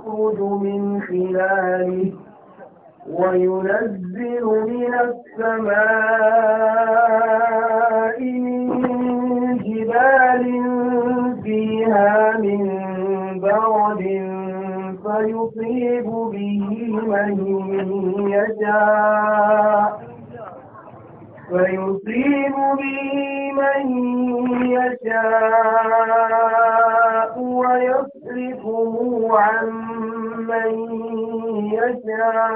يخرج من خلاله وينزل من السماء من جبال فيها من برد فيصيب به من يشاء فيصيب به من يشاء ويصيب يصرفه عن من يشاء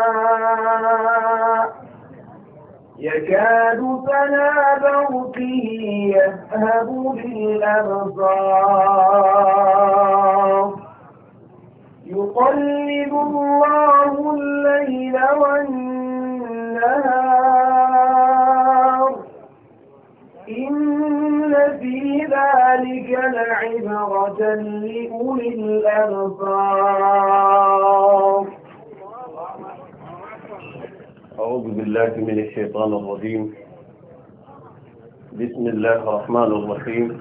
يكاد فلا برقه يذهب بالأبصار يقلب الله الليل والنهار إن في ذلك لعبرة لأولي الأبصار أعوذ بالله من الشيطان الرجيم بسم الله الرحمن الرحيم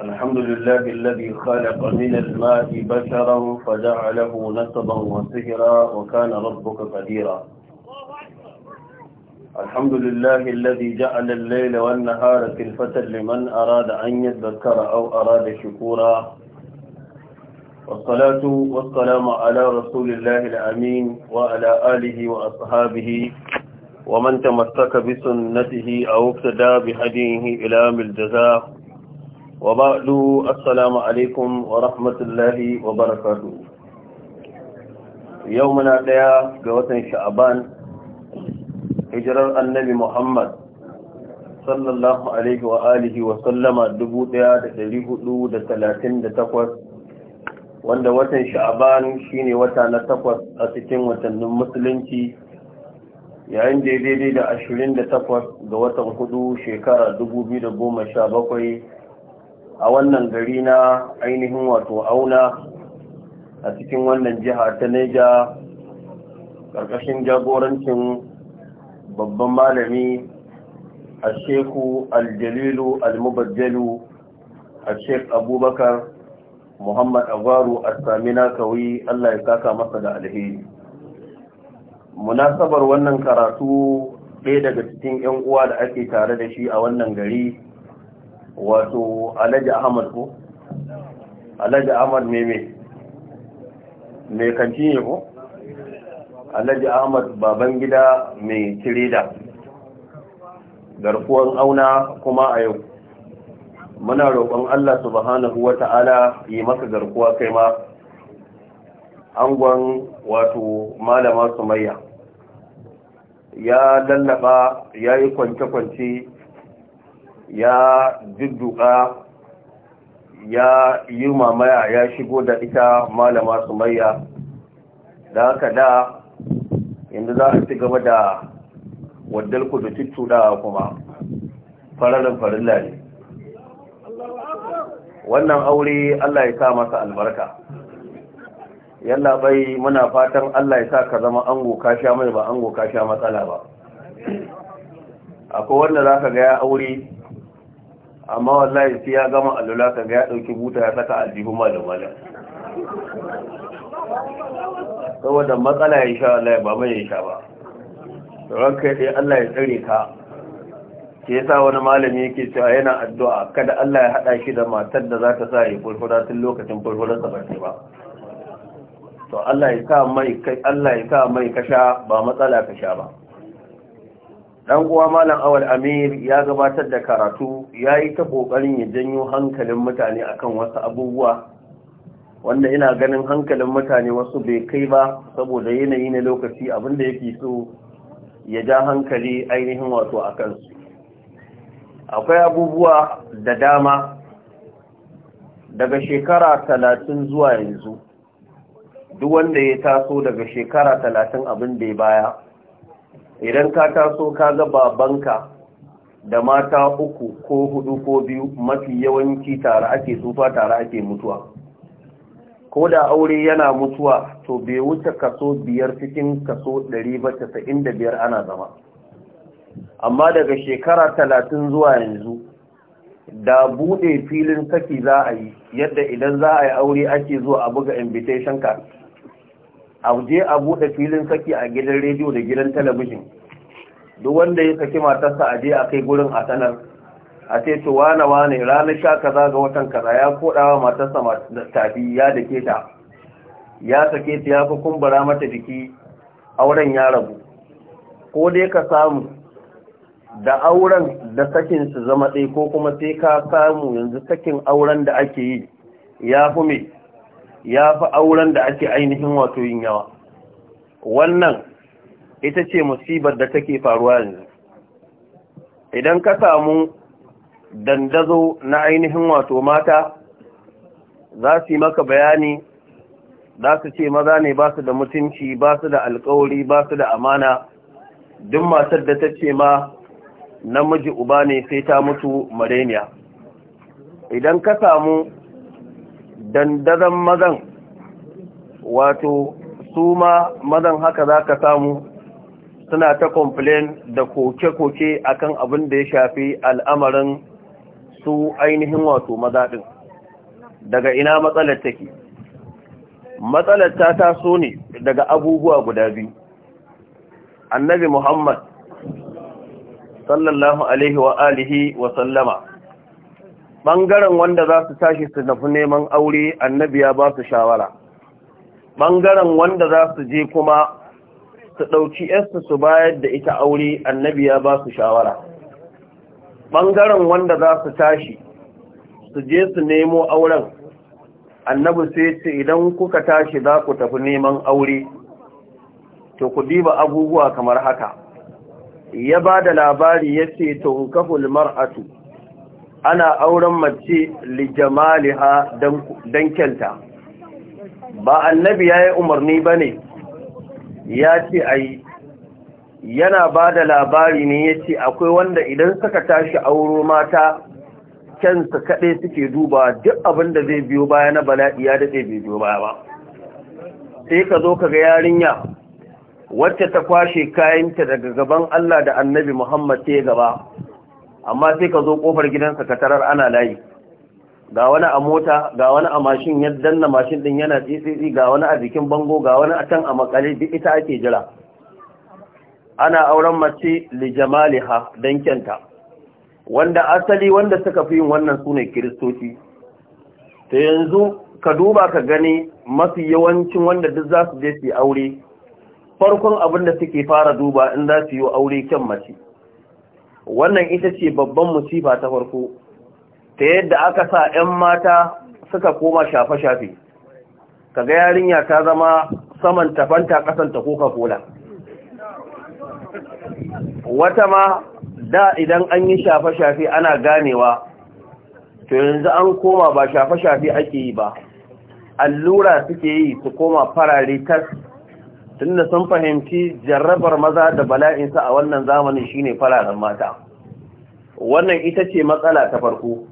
الحمد لله الذي خلق من الماء بشرا فجعله نسبا وسهرا وكان ربك قديرا الحمد لله الذي جعل الليل والنهار كلفة لمن أراد أن يذكر أو أراد شكورا والصلاة والسلام على رسول الله الأمين وعلى آله وأصحابه ومن تمسك بسنته أو اقتدى بهديه إلى الجزاء وبعد السلام عليكم ورحمة الله وبركاته يومنا ليا قوة شعبان hijirar annabi muhammad sallallahu alaihi wa alihi wa sallama 1438 wanda watan sha'aban shine wata na takwas a cikin watannin musulunci yayin da daidai da 28 ga watan hudu shekara sha 2017 a wannan gari na ainihin wato auna a cikin wannan jiha ta neja ƙarƙashin jagorancin babban malami a sheku aljalilu almubajjalu a shek abubakar muhammad agwaru a samina kawai allah ya saka masa da alheri munasabar wannan karatu ɗaya daga cikin 'yan uwa da ake tare da shi a wannan gari wato alhaji ahmad ko alhaji ahmad meme mai kanti ne ko alhaji ahmad baban gida mai tirida garkuwan auna kuma a yau muna roƙon allah subhanahu wa ta'ala yi maka garkuwa kai ma angon wato malama sumayya ya lallaba ya yi kwance-kwance ya jidduka ya yi mamaya ya shigo da ita malama sumayya da haka da yanzu za a ci gaba da waddal ku da cuccuɗawa kuma fararin farilla ne wannan aure Allah ya sa masa albarka yalla bai muna fatan Allah ya sa ka zama ango ka sha mai ba ango ka sha matsala ba akwai wanda za ka ga ya aure amma wallahi sai ya gama alula ka ga ya ɗauki buta ya saka aljihu malamala saboda matsala ya sha Allah ba mai ya sha ba ranka ya Allah ya tsare ka ke yasa wani malami yake cewa yana addu'a kada Allah ya hada shi da matar da za ta sa ya furfura tun lokacin furfurar sa bace ba to Allah ya sa mai Allah ya sa mai kasha ba matsala ka sha ba dan uwa malam awal amir ya gabatar da karatu yayi ta kokarin ya janyo hankalin mutane akan wasu abubuwa wanda ina ganin hankalin mutane wasu bai kai ba saboda yanayi na lokaci abinda yake so ya ja hankali ainihin wato a kansu akwai abubuwa da dama daga shekara talatin zuwa yanzu duk wanda ya taso daga shekara talatin abin da ya baya idan ka taso ka ga babanka da mata uku ko hudu ko biyu mafi yawanci tare ake tsufa tare ake mutuwa ko da aure yana mutuwa to bai wuce kaso biyar cikin kaso ɗari ba casa'in da biyar ana zama amma daga shekara talatin zuwa yanzu da buɗe filin saki za a yi yadda idan za a yi aure ake zuwa a buga invitation card a je a buɗe filin saki a gidan rediyo da gidan talabijin duk wanda ya saki matarsa a je a kai gurin a sanar a ce to wane wane ranar sha kaza ga watan kaza ya kodawa matarsa tabi ya dake ta ya sake ta ya fi kumbura mata jiki auren ya rabu ko dai ka samu da auren da sakin su zama ɗai ko kuma sai ka samu yanzu sakin auren da ake yi ya fi mai ya fi auren da ake ainihin wato yin yawa wannan ita ce musibar da take faruwa yanzu idan ka samu dandazo na ainihin wato mata za su yi maka bayani za su ce maza ne ba su da mutunci ba su da alkawari ba su da amana duk matar da ta ce ma namiji uba ne sai ta mutu mareniya idan ka samu dandazon mazan wato su ma mazan haka za ka samu suna ta complain da koke-koke akan abin da ya shafi al'amarin su ainihin wato maza ɗin daga ina matsalar take matsalar ta taso ne daga abubuwa guda biyu annabi muhammad sallallahu alaihi wa alihi wa sallama ɓangaren wanda za su tashi su tafi neman aure annabi ya ba su shawara ɓangaren wanda za su je kuma su ɗauki yarsu su bayar da ita aure annabi ya ba su shawara ɓangaren wanda za su tashi su je su nemo auren annabi sai ce idan kuka tashi za ku tafi neman aure to ku diba abubuwa kamar haka ya ba da labari ya ce tunkaful mar'atu ana auren mace lijamaliha don kyanta ba annabi ya yi umarni ba ne ya ce a yi yana ba da labari ne ya ce akwai wanda idan suka tashi auro mata kyansa kaɗai suke duba duk abin da zai biyo baya na bala'i ya daɗe bai biyo baya ba sai ka zo ka ga yarinya wacce ta kwashe kayanta daga gaban Allah da annabi Muhammad ta gaba amma sai ka zo ƙofar gidansa ka tarar ana layi ga wani a mota ga wani a mashin yadda na mashin ɗin yana tsitsi ga wani a jikin bango ga wani a can a makale duk ita ake jira ana auren mace li jamaliha don kyanta wanda asali wanda suka fi yin wannan sunan kiristoci ta yanzu ka duba ka gani mafi yawancin wanda duk za su je su aure farkon abin da suke fara duba in za su yi aure kyan mace wannan ita ce babban musifa ta farko ta yadda aka sa 'yan mata suka koma shafe-shafe kaga yarinya ta zama saman tafanta kasanta coca kola wata ma da idan an yi shafe-shafe ana ganewa to yanzu an koma ba shafe-shafe ake yi ba allura suke yi su koma farare tas tunda sun fahimci jarrabar maza da bala'insa a wannan zamanin shine fararen mata wannan ita ce matsala ta farko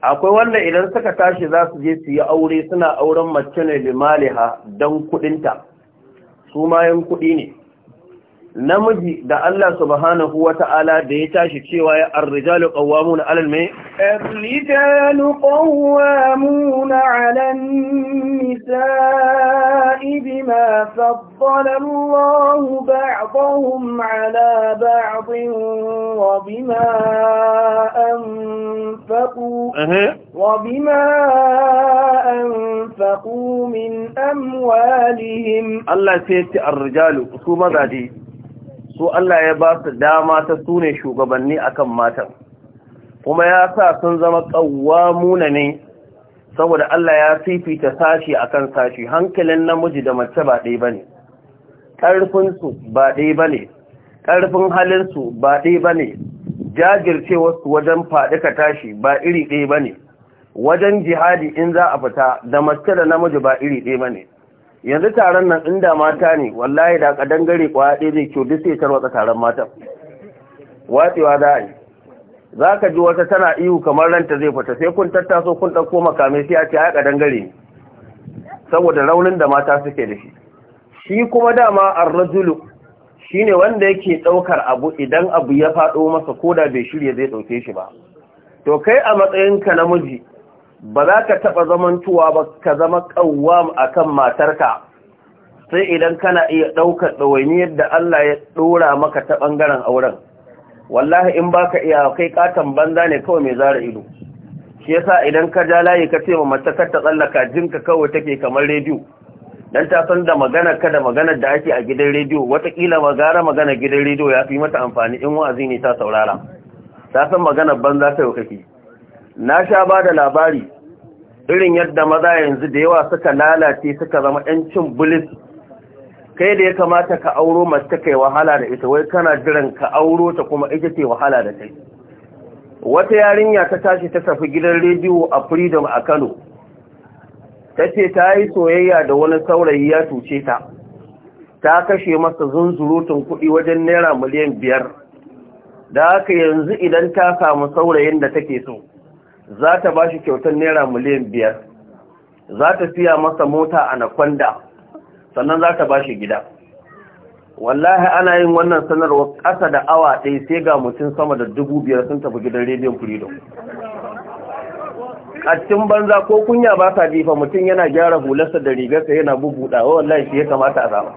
akwai wanda idan suka tashi za su je su yi aure suna auren mace ne limaliha don kudinta su mayan kudi ne namiji da Allah subhanahu wa ta'ala da ya tashi cewa ya arrijalu qawwamuna 'alal mai arrijalu qawwamuna 'alan nisa'i bima faddala Allahu ba'dahum 'ala ba'din wa bima anfaqu uh-huh. wa bima anfaqu min amwalihim Allah sai ya ce arrijalu su mazaje su Allah ya ba su dama ta sune shugabanni akan matan kuma ya sa sun zama ƙawwamuna munani saboda Allah ya fifita sashi akan sashi hankalin namiji da mace ba ɗaya bane ƙarfinsu ba ɗaya bane ƙarfin halinsu ba ɗaya bane su wajen faɗika tashi ba iri ɗaya bane wajen jihadi in za a fita da mace da namiji ba iri ɗaya bane yanzu taron nan inda mata ne wallahi da kadan gare kwaya ɗaya zai kyau duk sai tarwatsa taron matan watsewa za a yi za ka ji wata tana ihu kamar ranta zai fita sai kun tattaso kun ɗauko makamai sai a ce a kadan gare saboda raunin da mata suke da shi shi kuma dama arrajulu shine wanda yake ɗaukar abu idan abu ya faɗo masa ko da bai shirya zai ɗauke shi ba to kai a matsayinka namiji ba za ka taɓa zamantuwa ba ka zama ƙawwam a kan matarka sai idan kana iya ɗaukar ɗawainiyar da Allah ya ɗora maka ta ɓangaren auren wallahi in ba ka iya kai katon banza ne kawai mai zara ido shi yasa idan ka ja layi ka ce wa mace kar ta tsallaka jinka kawai take kamar rediyo dan ta san da maganar ka da maganar da ake a gidan rediyo watakila gara magana gidan rediyo ya fi mata amfani in wa'azi ne ta saurara ta san maganar banza ta yau kake na sha ba da labari irin yadda maza yanzu da yawa suka lalace suka zama ‘yancin bulis kai da ya kamata ka auro mace kai wahala da ita wai kana jiran ka auro ta kuma ita ce wahala da kai wata yarinya ta tashi ta tafi gidan rediyo a freedom a kano ta ce ta yi soyayya da wani saurayi ya tuce ta ta kashe masa zunzurutun kuɗi wajen naira miliyan biyar da haka yanzu idan ta samu saurayin da take so za ta ba shi kyautar naira miliyan biyar za ta siya masa mota a nakwanda sannan za ta ba shi gida wallahi ana yin wannan sanarwa ƙasa da awa ɗaya sai ga mutum sama da dubu biyar sun tafi gidan rediyon freedom ƙattin banza ko kunya ba ta jifa mutum yana gyara hularsa da rigarsa yana bubuɗawa wallahi shi ya kamata a zama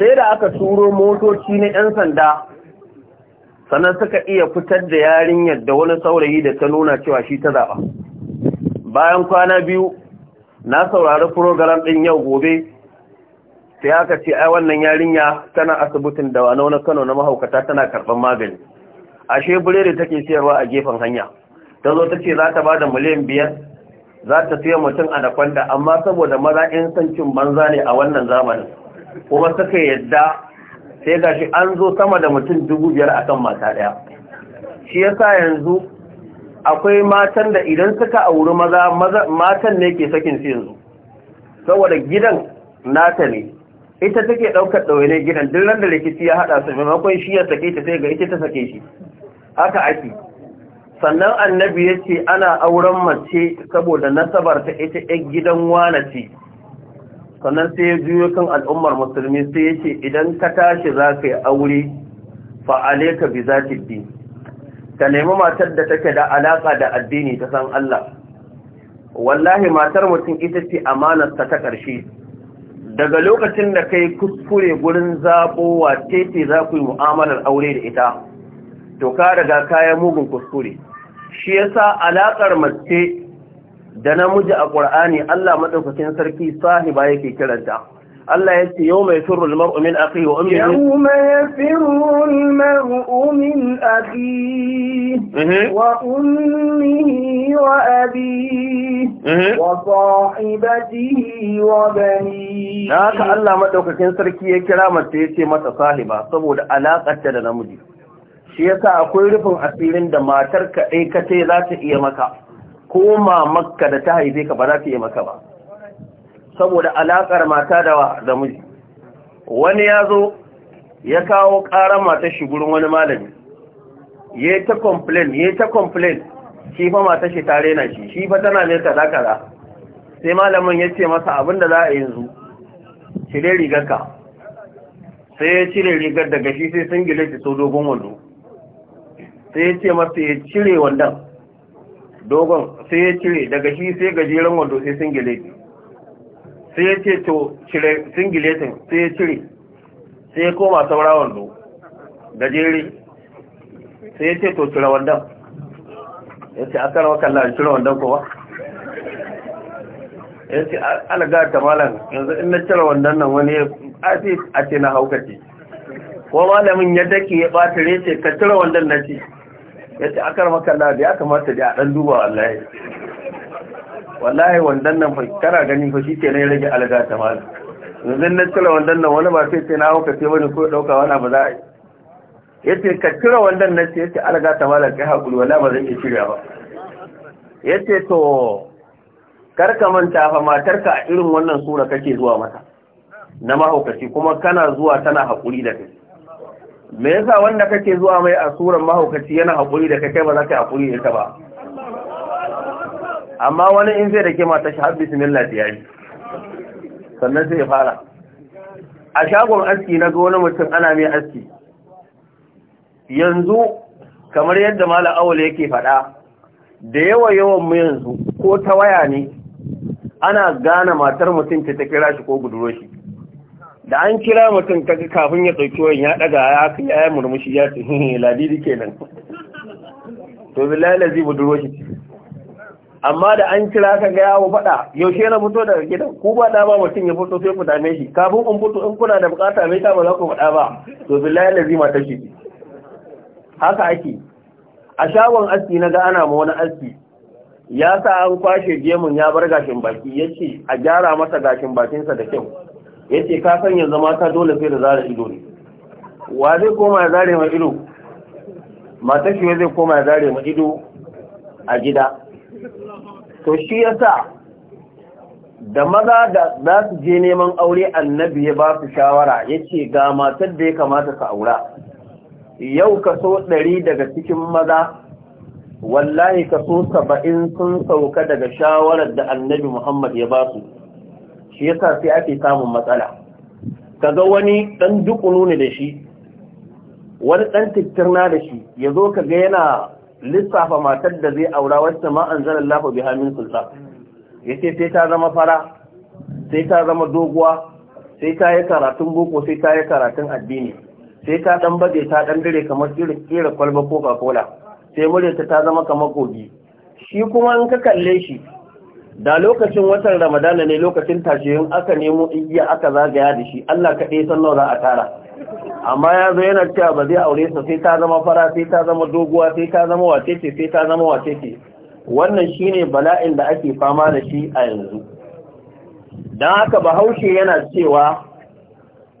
sai da aka turo motoci na 'yan sanda sannan suka iya fitar da yarinyar da wani saurayi da ta nuna cewa shi ta zaɓa bayan kwana biyu na saurari program ɗin yau gobe sai aka ce ai wannan yarinya tana asibitin da wani na kano na mahaukata tana karɓar magani ashe biredi take siyarwa a gefen hanya ta zo ta ce za ta ba da miliyan biyar za ta siya mutum a nakwanda amma saboda maza 'yan sancin banza ne a wannan zamanin kuma suka yadda sai ga shi an zo sama da mutum dubu biyar a kan mata ɗaya shi sa yanzu akwai matan da idan suka auri maza matan ne ke sakin su yanzu saboda gidan nata ne ita take ɗaukar ne gidan duk da rikici ya haɗa su maimakon shi ya sake ta sai ga ita ta sake shi haka ake sannan annabi ya ce ana auren mace saboda nasabar ta ita ƴan gidan wana ce sannan sai ya juyo kan al'ummar musulmi sai ya ce idan ka tashi za ka yi aure fa'ale ka bi za bi. ka nemi matar da take da alaƙa da addini ta san Allah wallahi matar mutum ita ce amanarsa ta ƙarshe daga lokacin da kai kuskure gurin zaɓowa tete za ku yi mu'amalar aure da ita to ka daga kayan mugun kuskure shi yasa alaƙar mace da namiji a ƙur'ani Allah maɗaukakin sarki sahiba yake kiranta Allah ya ce yau mai firul mar'u min akhi wa ummihi yau mai firul mar'u min akhi mhm. wa ummihi wa abi mhm. wa sahibatihi wa bani haka Allah maɗaukakin sarki ya kira mace ya ce mata sahiba saboda alaƙarta da namiji shi yasa akwai rufin asirin da matar kaɗai kace za ta iya maka koma Makka da ta haife ka ba za ta yi maka ba saboda alaƙar mata da da miji wani ya zo ya kawo ƙarar mata shi gurin wani malami ya ta complain ya ta complain shi fa mata shi tare na shi shi fa tana ne kaza kaza sai malamin ya ce masa abin da za a yanzu cire rigarka sai ya cire rigar daga shi sai sun gile shi so dogon wando sai ya ce masa ya cire wandan dogon sai ya cire daga shi sai gajeren wando sai singileti sai ya ce to cire singiletin sai ya cire sai ya koma saura wando gajere sai ya ce to cire wandan. ya ce akara wakan la'an cire wandon kowa ya ce alaga ta malam yanzu in na cire wandan nan wani a ce na haukace ko malamin ya dake ya ɓata ce ka cire wandan na ce ya ce akar makalla da ya kamata da a ɗan duba wallahi wallahi wandan nan kana gani fa shi ke nan rage alga ta mala yanzu na cire wandan nan wani ba sai ce na hauka sai wani ko ɗauka wani ba za a yi ya ce ka cire wandan nan ce ya ce alga ta mala kai haƙuri wallahi ba zan iya shirya ba ya ce to karka manta fa matarka a irin wannan sura kake zuwa mata na mahaukaci kuma kana zuwa tana haƙuri da kai me yasa wanda kake zuwa mai a suran mahaukaci yana haƙuri da kai ba za ka haƙuri da ita ba amma wani in zai da ke mata shi har bismillah ta yi sannan sai ya fara a shagon aski na ga wani mutum ana mai aski yanzu kamar yadda mala awul yake faɗa da yawa yawan mu yanzu ko ta waya ne ana gane matar mutum ce ta kira shi ko guduro shi da an kira mutum ta kafin ya ɗauki wani ya ɗaga ya haka ya yi murmushi ya ce ladidi kenan to billahi lazi budurwa shi amma da an kira ka ga yawo faɗa yaushe na fito daga gidan ku ba da ba mutum ya fito sai ku dame shi kafin in fito in kuna da bukata mai ta ba za ku faɗa ba to billahi lazi mata shi haka ake a shagon aski na ga ana ma wani aski ya sa an kwashe gemun ya bar gashin baki ya ce a gyara masa gashin bakinsa da kyau ya ce ka san zama ta dole sai da zara ido ne wa zai koma ya zare ma ido Mata shi zai koma ya zare ma ido a gida to shi ya sa da maza da za su je neman aure annabi ya ba su shawara ya ce ga matar da ya kamata ka aura yau kaso ɗari daga cikin maza wallahi kaso saba'in sun sauka daga shawarar da annabi muhammad ya ba su shi yasa sai ake samun matsala kaga wani dan dukunu ne da shi wani dan na da shi yazo kaga yana lissafa matar da zai aura wacce ma anzalallahu biha min sulta yace sai ta zama fara sai ta zama doguwa sai ta yi karatun boko sai ta yi karatun addini sai ta dan bade ta dan dire kamar irin kira kwalba ko cola sai muryarta ta zama kamar kogi shi kuma in ka kalle shi da lokacin watan ramadana ne lokacin tashiyin aka nemo igiya aka zagaya da shi Allah kaɗai san nawa za a tara amma ya zo yana cewa ba zai aure sa sai ta zama fara sai ta zama doguwa sai ta zama wacece sai ta zama wacece wannan shine bala'in da ake fama da shi a yanzu don haka bahaushe yana cewa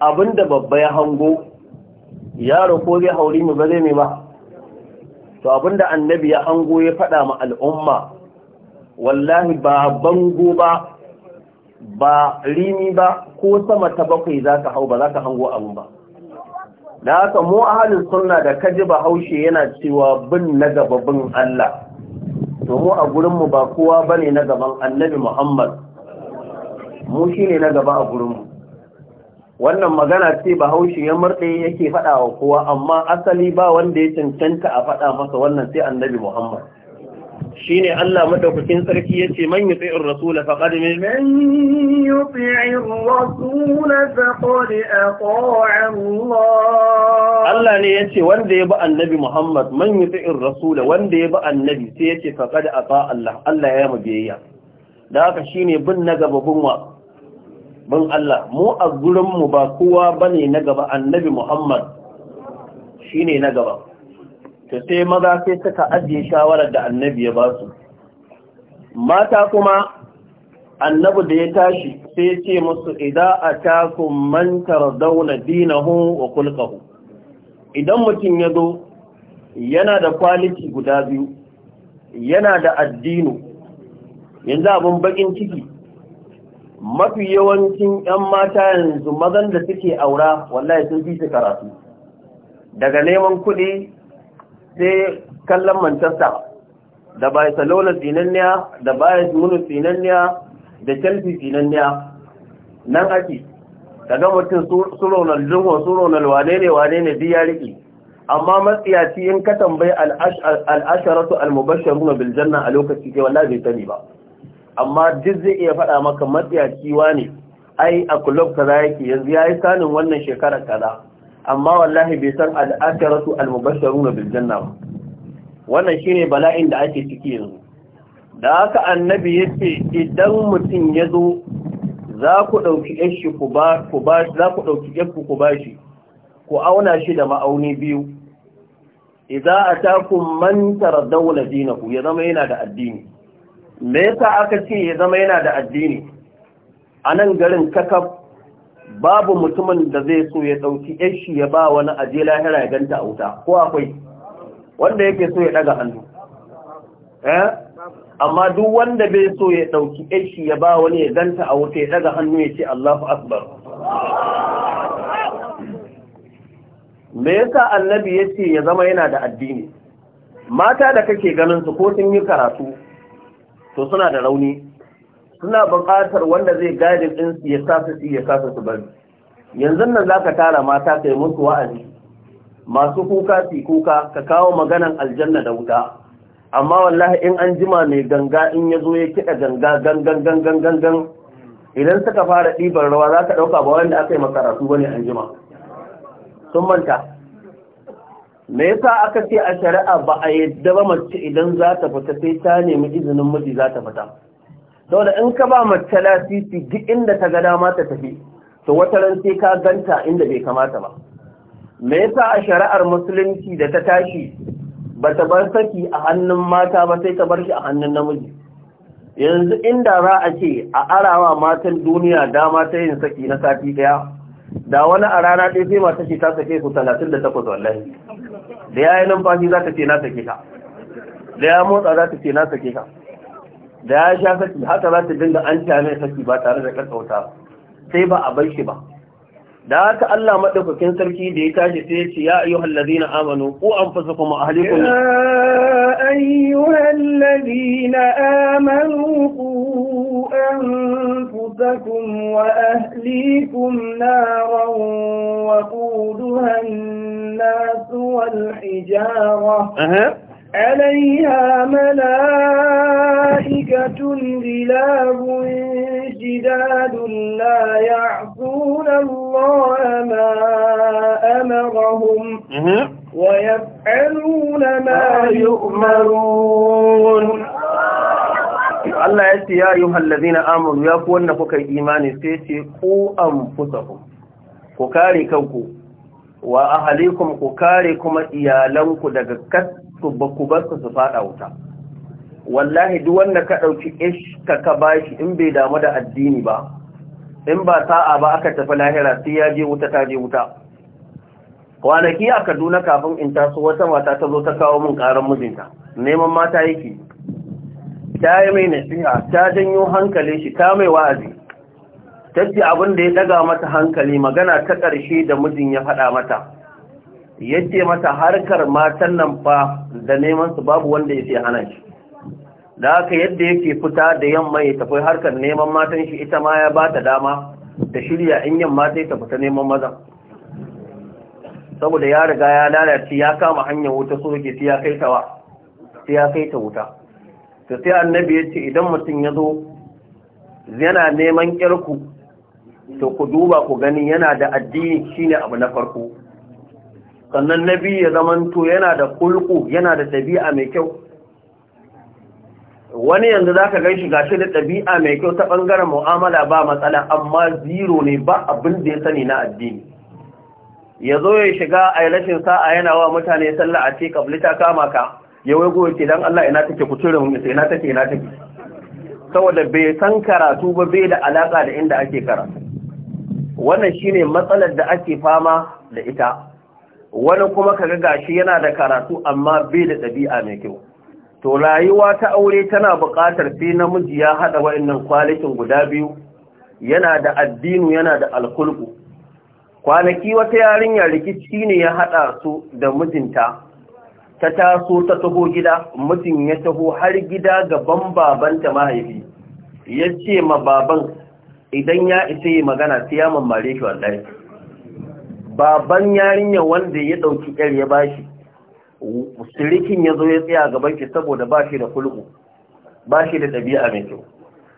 abinda babba ya hango yaro ko zai hauri mu ba zai ne ba to abinda annabi ya hango ya faɗa ma al'umma wallahi ba bango ba ba rini ba ko sama ta bakwai za ka hau ba za ka hango abu ba da haka mu ahalin sunna da kaji ba haushe yana cewa bin na gaba bin Allah to mu a gurinmu ba kowa ba ne na gaban annabi Muhammad mu shi ne na gaba a gurinmu wannan magana ce ba haushe ya murɗe yake faɗa wa kowa amma asali ba wanda ya cancanta a faɗa masa wannan sai annabi Muhammad shine Allah madaukakin sarki yace man yuti'ir rasul faqad min man yuti'ir rasul a ata'a Allah Allah ne ya ce wanda ya bi annabi Muhammad man yuti'ir rasul wanda ya bi annabi sai ya ce da a ata'a Allah Allah ya yi biyayya da haka shine bin na gaba bin wa bin Allah mu a gurin ba kowa bane na gaba annabi Muhammad shine na gaba ta sai maza sai suka ajiye shawarar da annabi ya ba su mata kuma annabi da ya tashi sai ce musu idan atakum man tardawna dinahu wa idan mutum ya zo yana da kwaliti guda biyu yana da addinu yanzu abin bakin ciki mafi yawancin 'yan mata yanzu mazan da suke aura wallahi sun fi su karatu daga neman kuɗi sai kallon manchester da barcelona sinanniya da bayern munich sinanniya da chelsea sinanniya nan ake ga mutum su ronaldinho su ronald wane ne wane ne duk ya riƙe amma matsiyaci in ka tambayi al'asharatu al-mubashsharuna bil janna a lokaci ke wanda bai sani ba amma duk zai iya faɗa maka matsiyaci wane ai a kulob kaza yake yanzu ya yi sanin wannan shekarar kaza amma wallahi bai san al'akaratu al-mubashsharuna bil janna ba wannan shine bala'in da ake ciki yanzu da haka annabi yace idan mutum ya zo za ku dauki yashi ku ba ku ba za ku bashi ku auna shi da ma'auni biyu idza atakum man taradawla dinahu ya zama yana da addini me yasa aka ce ya zama yana da addini anan garin kakaf babu mutumin da zai so ya ɗauki yashi ya ba wani aje lahira ya ganta a wuta ko akwai wanda yake so ya ɗaga hannu eh? amma duk wanda bai so ya ɗauki yashi ya ba wani ya ganta a wuta ya ɗaga hannu ya ce Allahu Akbar me yasa annabi ya ce ya zama yana da addini mata da kake ganin su ko sun yi karatu to suna da rauni suna buƙatar wanda zai gadi ɗin ya sa su ya sa su bari yanzu nan za ka tara mata ka yi musu wa'azi masu kuka su kuka ka kawo maganan aljanna da wuta amma wallahi in an jima mai ganga in ya zo ya kiɗa ganga gangan gangan gangan idan suka fara ɗiban rawa za ka ɗauka ba wanda aka yi makaratu ba ne an jima sun manta me yasa aka ce a shari'a ba a yadda ba mace idan za ta fita sai ta nemi izinin miji za ta fita saboda in ka ba mace lasisi duk inda ta ga dama ta tafi to wata ran sai ka ganta inda bai kamata ba me yasa a shari'ar musulunci da ta tashi ba ta bar saki a hannun mata ba sai ta bar shi a hannun namiji yanzu inda za a ce a arawa matan duniya dama ta yin saki na sati daya da wani a rana ɗaya sai mata ce ta sake su talatin da takwas wallahi da ya yi numfashi za ta ce na sake ka da ya motsa za ta ce na sake ka da ya sha saki haka za ta dinga an mai saki ba tare da kasauta sai ba a bar shi ba da haka Allah madaukakin sarki da ya tashi sai ya ce ya ayyuhal ladina amanu ku anfusakum wa ahlikum ya ayyuhal ladina amanu ku anfusakum wa ahlikum naran wa quduha an-nas wal hijara عليها ملائكة غلاب جداد لا يعصون الله ما أمرهم ويفعلون ما يؤمرون الله يا أيها الذين آمنوا يقول فك إيمان سيسي قو أنفسكم فكاري كوكو وأهليكم كوكاري كما لوكو دقكت to ba ku bar su su fada wuta wallahi duk wanda ka ɗauki iska ka bashi in bai damu da addini ba in ba sa'a ba aka tafi lahira sai ya je wuta ta je wuta kwanaki a kaduna kafin in taso wata mata ta zo ta kawo min karan mijinta neman mata yake ta yi mai nasiha ta janyo hankali shi ta mai wa'azi ta abin da ya daga mata hankali magana ta ƙarshe da mijin ya faɗa mata yake mata harkar matan nan fa da neman su babu wanda yake hana shi da haka yadda yake fita da yamma ya tafi harkar neman matan shi ita ma ya bata dama da shirya in yamma sai ta fita neman maza saboda ya riga ya lalace ya kama hanyar wuta so yake sai ya kai ta wa kai ta wuta to sai annabi yace idan mutum ya zo yana neman kirku to ku duba ku gani yana da addini shine abu na farko sannan na biyu ya zamanto yana da kulku yana da ɗabi'a mai kyau wani yanzu za ka gaishe gashi da ɗabi'a mai kyau ta ɓangaren mu'amala ba matsala amma zero ne ba abin da ya sani na addini ya zo ya shiga a rashin sa'a yana wa mutane sallah a ce kabli ta kama ka ya wai goyi ke don Allah ina take ku cire ina take ina take saboda bai san karatu ba bai da alaka da inda ake karatu wannan shine matsalar da ake fama da ita wani kuma ka ga gashi yana da karatu amma bai da ɗabi'a mai kyau to rayuwa ta aure tana buƙatar sai namiji ya haɗa waɗannan kwalikin guda biyu yana da addinu yana da alkulku kwanaki wata yarinya rikici ne ya haɗa su da mijinta ta taso ta taho gida mutum ya taho har gida gaban babanta mahaifi ya ce ma baban idan ya isa yi magana sai ya mamare shi wallahi baban yarinya wanda ya ɗauki ƙyar ya bashi sirikin ya zo ya tsaya gaban ki saboda ba shi da kulku ba shi da ɗabi'a mai kyau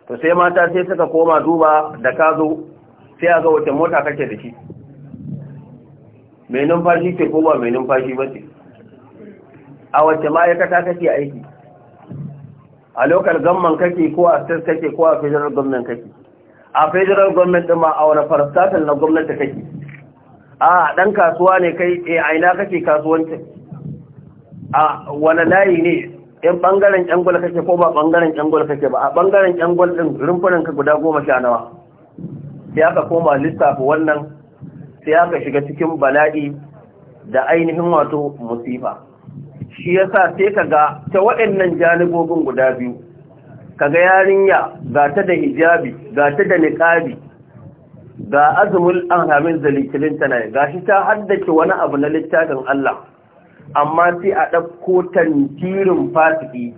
to sai mata sai suka koma duba da ka zo sai a ga wata mota kake da shi mai numfashi ce ko ba mai numfashi ba ce a wacce ma'aikata kake aiki a lokal gamman kake ko a state kake ko a federal government kake a federal government ɗin ma a wani farsatin na gwamnati kake a ɗan kasuwa ne kai eh, a ina kake kasuwancin a wane layi ne yan ɓangaren ƙyangwal gwal kake ko ba ɓangaren ƙyangwal kake ba a ɓangaren ƙyangwal ɗin rumfunan ka guda goma sha nawa sai aka koma lissafi wannan sai aka shiga cikin bala'i da ainihin wato musifa shi ya sa sai ka ga ta waɗannan janibobin guda biyu Ka ga yarinya ga ta da hijabi ga ta da niƙabi. ga azumul an da likilin tana ga shi ta haddace wani abu na littafin Allah amma sai a ɗauko tantirin fasiki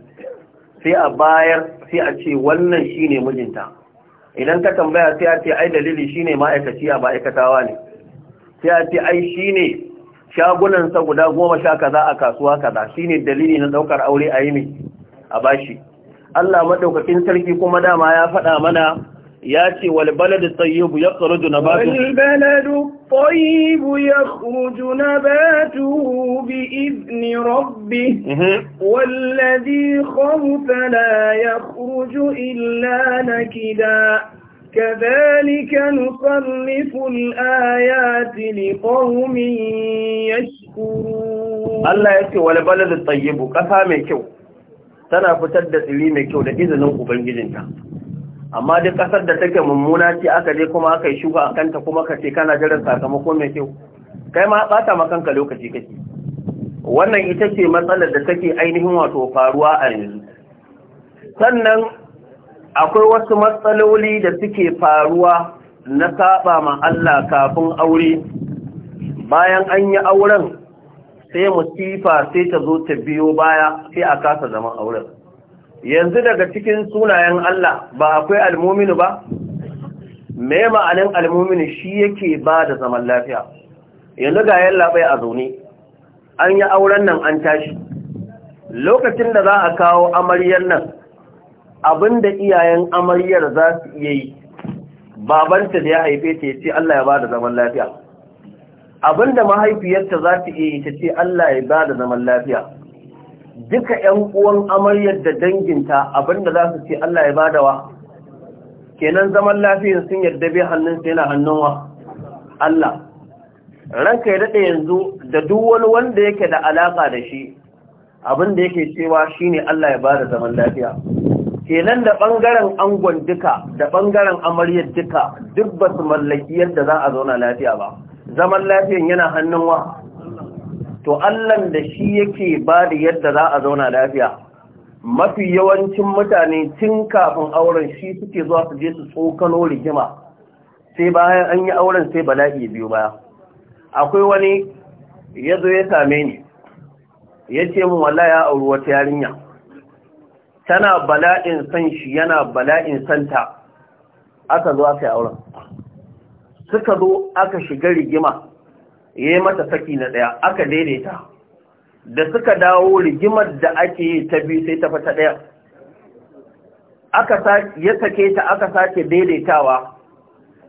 sai a bayar sai a ce wannan shine mijinta idan ka tambaya sai a ce ai dalili shine ma'aikaci a ma'aikatawa ne sai a ce ai shine shagunansa guda goma sha kaza a kasuwa kaza shine dalili na ɗaukar aure a yi a bashi Allah maɗaukakin sarki kuma dama ya faɗa mana ياتي والبلد الطيب يخرج نباته والبلد الطيب يخرج نباته بإذن ربه والذي خبث لا يخرج إلا نكدا كذلك نصرف الآيات لقوم يشكرون الله يأتي والبلد الطيب كفى من كو تنا فتدت لي من كو لإذن أبنجدنك amma duk ƙasar da take mummuna ce aka je kuma aka yi shuka a kanta kuma ka ce kana jiran sakamako mai kyau kai ma bata ma kanka lokaci kake wannan ita ce matsalar da take ainihin wato faruwa a yanzu sannan akwai wasu matsaloli da suke faruwa na saba ma Allah kafin aure bayan an yi auren sai musifa sai ta zo ta biyo baya sai a kasa zaman auren yanzu daga cikin sunayen Allah ba akwai almominu ba me ma'anin almominu shi yake ba da zaman lafiya yanzu ga yalla bai a zaune an yi auren nan an tashi lokacin da za a kawo amaryar nan abinda iyayen amaryar za su iya yi babanta da ya haife ta ya ce Allah ya ba da zaman lafiya abinda mahaifiyarta za ta iya yi ta ce Allah ya ba da zaman lafiya duka ‘yan uwan amaryar da danginta abinda za su ce Allah ya badawa kenan zaman lafiyar sun yarda bai hannun sai na hannunwa Allah ranka ya daɗe yanzu da duk wani wanda yake da alaƙa da shi abinda yake cewa shine Allah ya bada zaman lafiya kenan da ɓangaren angon duka da ɓangaren amaryar duka duk ba su mallaki yadda za a zauna lafiya ba zaman lafiyan yana hannunwa to allan da shi yake ba da yadda za a zauna lafiya mafi yawancin mutane tun kafin auren shi suke zuwa su je su tsokano rigima sai bayan an yi auren sai bala'i biyu baya akwai wani ya zo ya same ni ya ce mun walla ya auri wata yarinya tana bala'in san shi yana bala'in santa aka zo aka auren suka zo aka shiga rigima ya mata saki na ɗaya aka daidaita da suka dawo rigimar da ake ta biyu sai ta fata ɗaya ya sake ta aka sake daidaitawa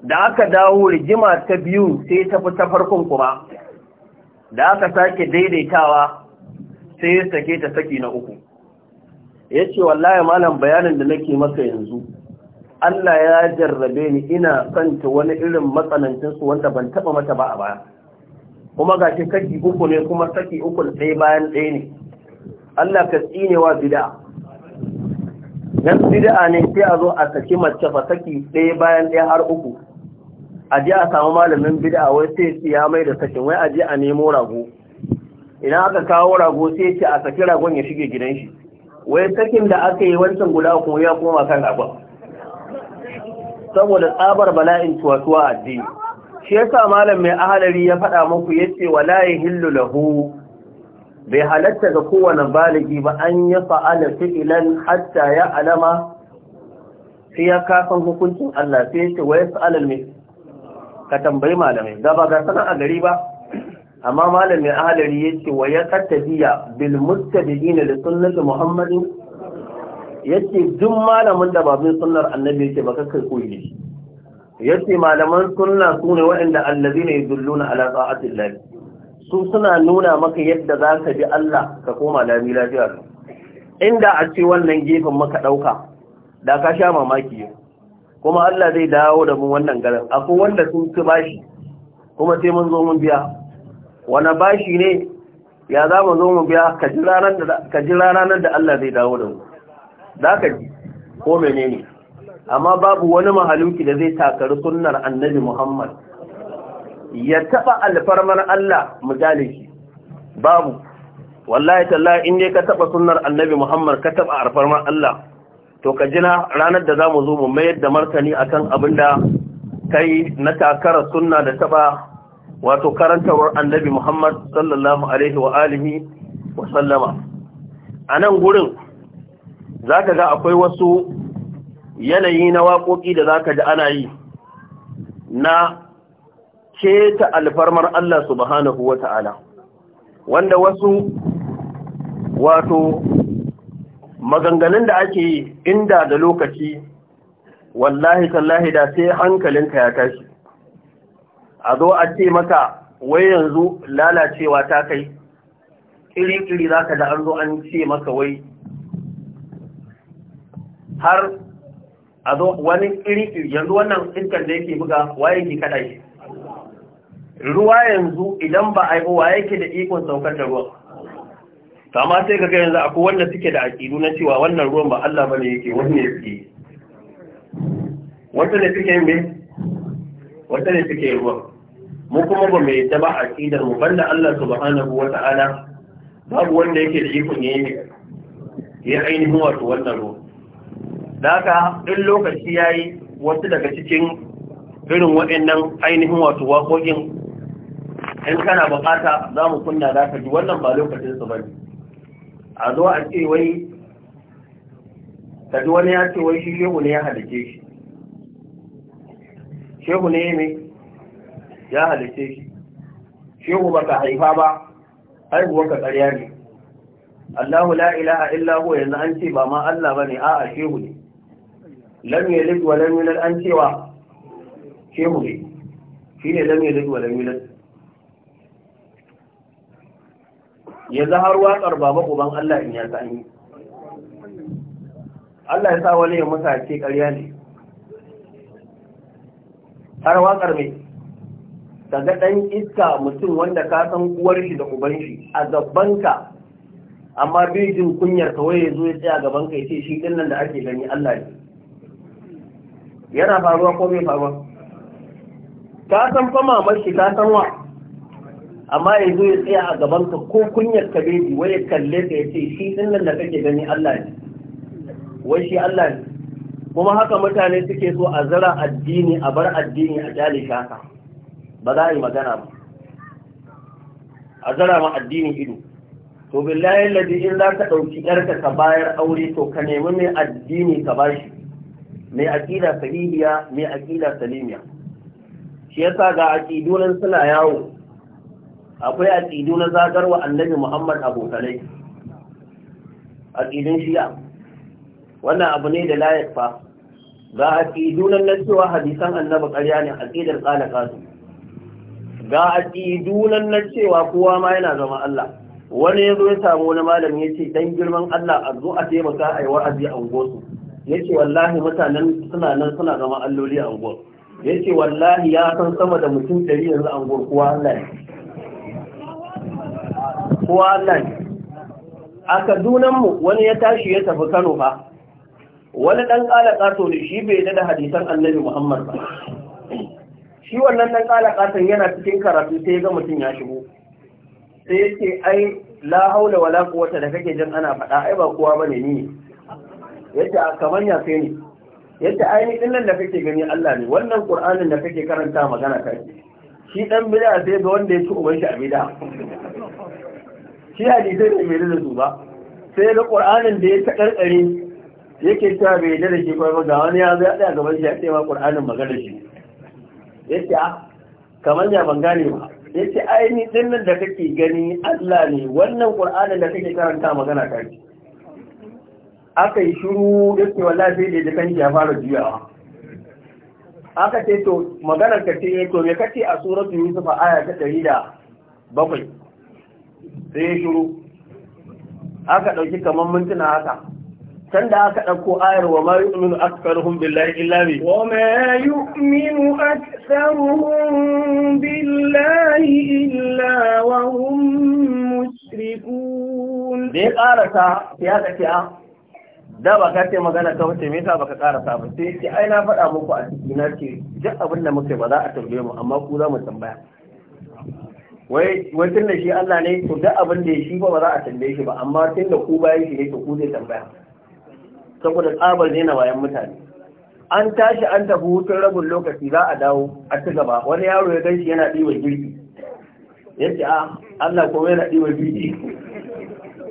da aka dawo rigima ta biyu sai ta ta farkon kuma da aka sake daidaitawa sai ya sake ta saki na uku ya ce wallahi malam bayanin da nake maka yanzu Allah ya jarrabe ni ina santa wani irin matsanancinsu wanda ban taba mata ba a baya kuma ga shi kaji uku ne kuma saki uku ɗaya bayan ɗaya ne Allah ka tsine wa bid'a dan bid'a ne sai a zo a saki mace fa saki ɗaya bayan ɗaya har uku a je a samu malamin bid'a wai sai ya mai da sakin wai a je a nemo rago idan aka kawo rago sai ce a saki ragon ya shige gidan shi wai sakin da aka yi wancan guda kuma ya koma kan ragon saboda tsabar bala'in tuwatuwa addini shi yasa malam mai ahalari ya faɗa muku yace wala yahillu lahu bai halatta ga kowane baligi ba an ya fa'ala fi'ilan hatta ya alama sai ya kafin hukuncin Allah sai yace wa yas'alal mai ka tambayi malamai da ba ga sanar a gari ba amma malam mai ahalari yace wa ya qattabiya bil muttabi'ina li sunnati muhammadin yace duk malamin da babin sunnar annabi yake ba kai koyi yace malaman sunna sune waɗanda allazina yudulluna ala ta'atillah su suna nuna maka yadda za ka bi Allah ka koma lami lafiya inda a ce wannan gefen maka ɗauka da ka sha mamaki kuma Allah zai dawo da mu wannan garin akwai wanda sun ci bashi kuma sai mun zo mun biya wani bashi ne ya za mu zo mu biya ka ji ranar da Allah zai dawo da mu za ka ji ko menene ne amma babu wani mahaluki da zai takari sunnar annabi Muhammad ya taɓa alfarmar Allah mujalishi babu wallahi tallahi in ne ka taba sunnar annabi Muhammad ka taba alfarmar Allah to ka jina ranar da za mu zo mu mayar da martani akan abinda yi na takarar sunna da taɓa wato annabi Muhammad sallallahu alaihi wa alihi wa sallama anan gurin zaka ga akwai wasu yanayi na waƙoƙi da zaka ji ana yi na keta alfarmar Allah subhanahu Ta'ala) wanda wasu wato maganganun da ake yi inda da lokaci wallahi tallahi da sai hankalinka ya tashi a zo a ce maka wai yanzu lalacewa ta kai ƙiri-ƙiri za ka da an zo an ce maka wai har a zo wani iri yanzu wannan iskar da yake buga waye ke kada shi ruwa yanzu idan ba a yi waye ke da ikon saukar da ruwan kama sai ka ga yanzu akwai wanda suke da aƙidu na cewa wannan ruwan ba Allah bane yake wani ne suke wata ne suke yin me wata ne suke ruwan mu kuma ba mai yadda ba aqidar mu banda Allah subhanahu wata'ala babu wanda yake da ikon yayi ya ainihin wato wannan ruwan da aka ɗin lokaci ya yi wasu daga cikin irin waɗannan ainihin wato waƙoƙin in kana buƙata za mu kunna za ka ji wannan ba lokacin su bane a zo a ce wai ka ji wani ya ce wai shi shehu ne ya halice shi shehu ne ne ya halice shi shehu ba ka haifa ba haihuwar ka ƙarya ne Allahu la ilaha illa huwa yanzu an ce ba ma Allah bane a'a shehu ne lam yalid wa lam yulad an cewa shehu ne shine lam yalid wa lam yulad ya zahar waƙar baba uban Allah in ya sani Allah ya sa wani ya masa ce ƙarya ne har waƙar mai daga ɗan iska mutum wanda ka san uwar shi da uban shi a gabanka amma bai jin kunyar kawai ya zo ya tsaya gaban ka ya ce shi ɗin nan da ake gani Allah ne yana faruwa ko mai faruwa Ta san fama mashi shi san wa amma ya zo ya tsaya a gaban ka ko kunyar ka bebi wai ya kalle ka ya ce shi din nan da kake gani Allah ne wai shi Allah ne kuma haka mutane suke so a zara addini a bar addini a jale shaka ba za a yi magana ba a zara ma addini ido to billahi ladi in za ka ɗauki ɗarka ka bayar aure to ka nemi mai addini ka bashi mai aƙida sahihiya mai aƙida salimiya shi yasa ga aƙidunan suna yawo akwai aƙidu na zagarwa annabi muhammad abokanai aƙidun shiya wannan abu ne da layak fa ga aƙidunan na cewa hadisan annabi ƙarya ne aƙidar ƙala kasu ga aƙidunan na cewa kowa ma yana zama allah wani ya zo ya samu wani malam ya ce dan girman allah a zo a taimaka a yi wa'azi a ungosu Ya ce wallahi mutanen suna nan suna zama alloli a unguwar Ya ce wallahi ya san sama da mutum dari yanzu a unguwar kowa Allah ne kowa Allah ne a kadunanmu mu wani ya tashi ya tafi Kano ba. wani ɗan ƙala ƙato ne shi bai da hadisan Annabi Muhammad ba shi wannan ɗan ƙala ƙaton yana cikin karatu sai ya ga mutum ya shigo sai yace ai la haula wala quwwata da kake jin ana faɗa ai ba kowa bane ni yadda a kamar ya sai ne yadda ainihin nan da kake gani Allah ne wannan Qur'anin da kake karanta magana ta shi dan bid'a sai ga wanda ya ci uban shi a bid'a shi hadisai ne mai da su ba sai ga Qur'anin da ya ta karkare yake cewa bai da shi ba ga wani ya zai a gaban shi ya ce ma Qur'anin magana shi yace a ah, kaman ya ban gane ba yace ainihin nan da kake gani Allah ne wannan Qur'anin da kake karanta magana ta aka yi shuru ya ce sai da jikan ya fara juyawa aka ce to maganar ka ce to me kace a suratu yusuf aya ta 107 sai ya shuru aka dauki kaman mintuna haka can da aka ɗauko ayar wa ma yu'minu aktsaruhum billahi illa bi wa ma yu'minu aktsaruhum billahi illa wa hum mushrikun da ya karasa ya kace a da ba ka ce magana ta wuce me yasa baka ƙara sa ba sai ce ai na faɗa muku a ciki na ce duk abin da muka ba za a tambaye mu amma ku za mu tambaya wai wai tunda shi Allah ne to duk abin da shi ba ba za a tambaye shi ba amma tunda ku bayan shi ne to ku zai tambaya saboda tsabar ne na wayan mutane an tashi an tafi hutun rabin lokaci za a dawo a ci gaba wani yaro ya ganshi yana ɗiwon girki ya ce a ah, Allah kuma yana ɗiwon girki